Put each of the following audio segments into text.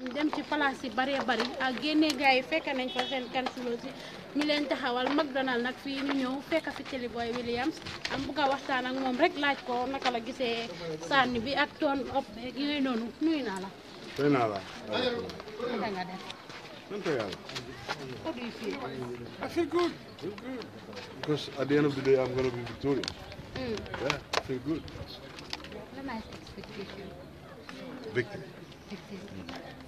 am dem ci place yi bëree bëri ak génne gars yi fekk nañ fa seen kansiloo ñu leen taxawal McDonald nag fii ñu ñëw fekk fi Teli Boy Williams am bugg a waxtaan ak moom rek laaj ko naka la gisee sànni bi ak toon op yooyu noonu nuyu naa la. nuyu naa la. naka nga def. sant yàlla. Ah, good. Because at the end of the day I'm gonna be victorious. Mm. Yeah, I good. What am I expectation? Victory. Victory. Mm.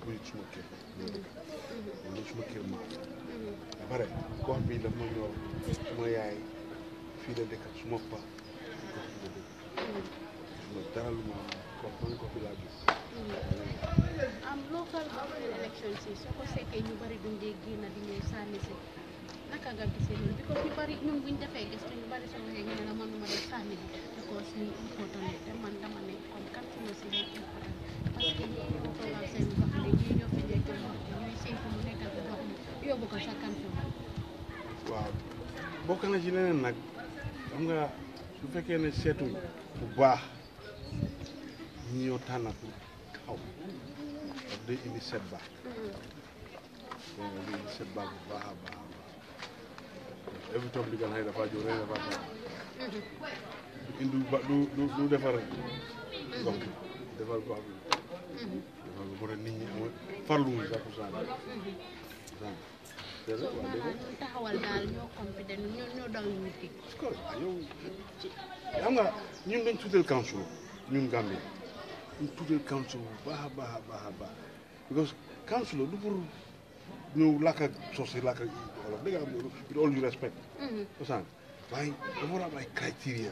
ഉപയോഗിച്ചുമൊക്കെ ഉപയോഗിച്ചുമൊക്കെ bare gox bi daf ma ñor suma yaay fii la dëkk suma pa suma dara lu ma gox man gox bi laa gis soo ko seetee ñu bari duñ dee génn di ñëw sànni si naka nga gisee loolu because ñu bari ñun buñ defee gëstu ñu bari soo waxee ñu la man duma def sànni bi costly important te man dama ne comme kan fu si day important parce que ñi ñoo toogal seen gox bi ñii ñoo fi nekk gox bi ñuy seen fu mu nekkal bi gox bi yóbbu ko sa kan fu waaw bokk na ci leneen nag xam nga su fekkee ne seetuñ bu baax ñi ñoo tànn ak xaw daf day indi seet baax day indi seet baax bu baax a baax tobligal hay nafa jo hay nafa indu ba du du defar gox bi defar gox bi defar ko bo nit ñi amul farlu mu sax pour ça taxawal daal ñoo compétent ñoo ñoo daw ñu nit ki ah, yow xam nga ñun dañ tuutal council ñun Gambie ñu tuutal council bu baax a baax a baax a baax because council du pour ñëw làkk ak sos làkk ak wolof da nga loolu with all due respect mhm. osan waaye dafa war am ay criteria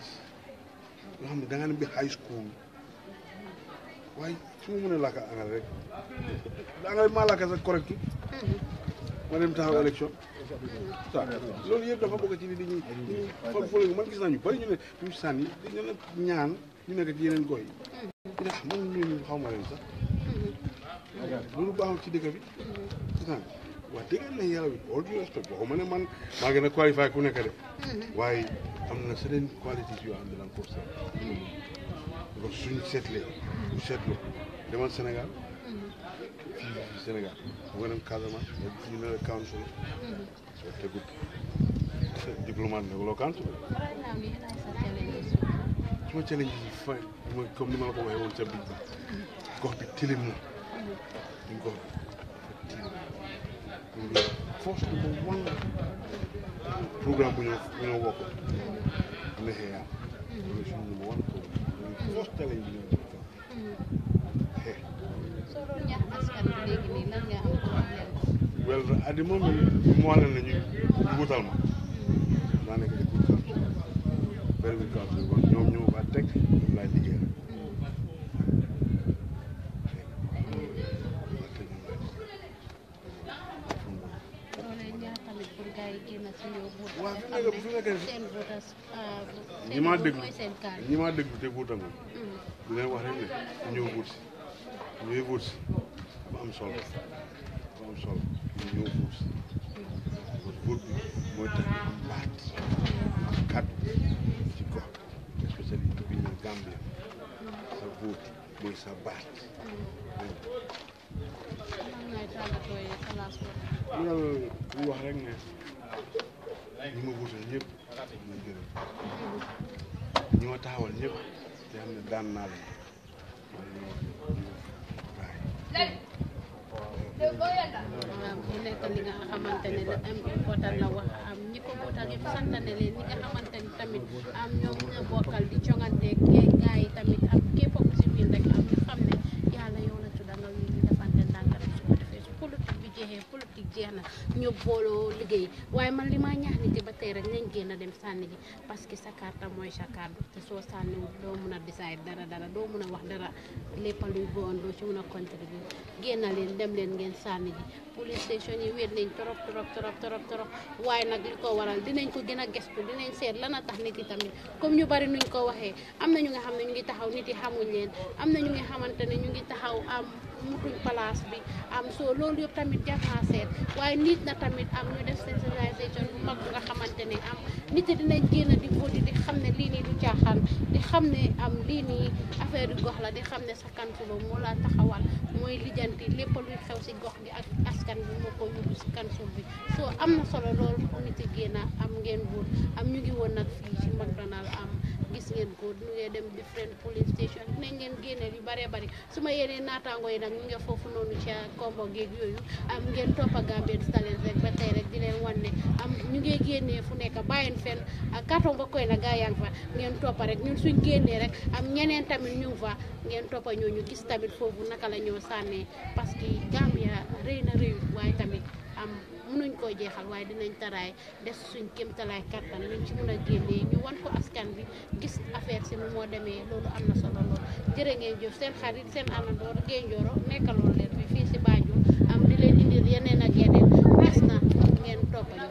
yoo xam ne da nga ne bi high school waaye su ma mënee làkk angal rek mhm. angal maa làkk sax correct mhm. ma dem taxaw élection loolu man gis naa ñu bëri ñu ne ñu sànni dañu leen ñaan ñu nekk ci yeneen gox yi. ñu ne ah man ñun xaw ma leen sax. loolu baaxul ci dëkk bi. wax dëgg a qualifié ku nekk de waaye am na certain qualities yoo xam ne danga ko seet parce que suñ seetlee bu seetloo demal Sénégal fii fii Sénégal nga dem Casamance council soo tegut diplomate nga loo council su ma challenge yi fay mooy comme ni ma la ko waxee woon the first number one program bu ñoo bu ñoo wokk nexe yaa loolu number one program first télé bi ñoo wokk xe soo doon ñaax askan bi léegi nii nan nga am well at the moment moo leen ne ñu wutal ma maa nekk di wutal very good ñoom ñoo ba teg ñoom laay liggéey yi génn suñu buur. ñi ma déglu ñi ma déglu te buur tàngoor. di leen wax rek ne ñëw buur si ñëwee buur am solo ba am solo ñu ñëw buur mooy tax baat am ci gox spécialité bi ñu Gambie sa buur mooy sa baat. mën naa wax rek ne ñi ma wutal ñëpp ma ma taxawal ñëpp te xam ne daan naa leen nga xamante ne important am ñi ko bootal yëpp sant na leen ñi nga xamante tamit am ñoom nga bokkal di jongante kee gars yi tamit am képp ku si biir rek am ñu xam ne yàlla yow la tudd nga ñu defante ndànk rek su ko defee su politique politique jeex na ñu booloo liggéey waaye man li maa ñaax nit ba tey rek nañ génn a dem sànni ji parce que sa carte mooy sa carte te soo sànniwul doo mun a décider dara dara doo mun a wax dara lépp luy bon doo ci mun a contribuer génna leen dem leen ngeen sànni ji police station yi wéet nañ trop trop trop trop trop waaye nag li ko waral dinañ ko gën a gëstu dinañ seet lan a tax nit yi tamit comme ñu bari nuñ ko waxee am na ñu nga xam ngi taxaw nit yi am na ñu nga ñu ngi taxaw am mutuñ place bi am so loolu yëpp tamit jar naa seet waaye nit na tamit am ñu def sensibilisation bu mag nga xamante ne am nit yi dinañ génn di voté di xam ne lii nii du caaxaan di xam ne am lii nii affaire yu gox la di xam ne sa kansulo moo la taxawal mooy lijanti lépp luy xew si gox gi ak askan bi moo ko yóbbu si kansul bi so am na solo loolu nit yi génn am ngeen wóor am ñu ngi woon nag fii si McDonald am gis ngeen ko du ngeen dem different police station dinañ ngeen génne yu bëree bëri su ma yeneen naataangoo yi nag ñu ngi foofu noonu ca kombo geeg yooyu am ngeen topp a Gambian rek ba tey rek di leen wan ne am ñu ngi génnee fu nekk bàyyin fenn carton ba koy na gaa yaa ngi fa ngeen topp rek ñun suñ génnee rek am ñeneen tamit ñu ngi fa ngeen toppa ñooñu gis tamit foofu naka la ñoo sànnee parce que Gambia rëy na rëyut waaye tamit am mënuñ koo jeexal waaye dinañ taraay des suñ kéemtalaay kattan luñ ci mën a génnee ñu wan ko askan bi gis affaire si nu moo demee loolu am na solo lool jërë ngeen jëf seen xarit seen àndandoor Génjooro nekkaloon leen fi fii si Banjul am di leen indil yeneen ak yeneen des na ngeen topp ñu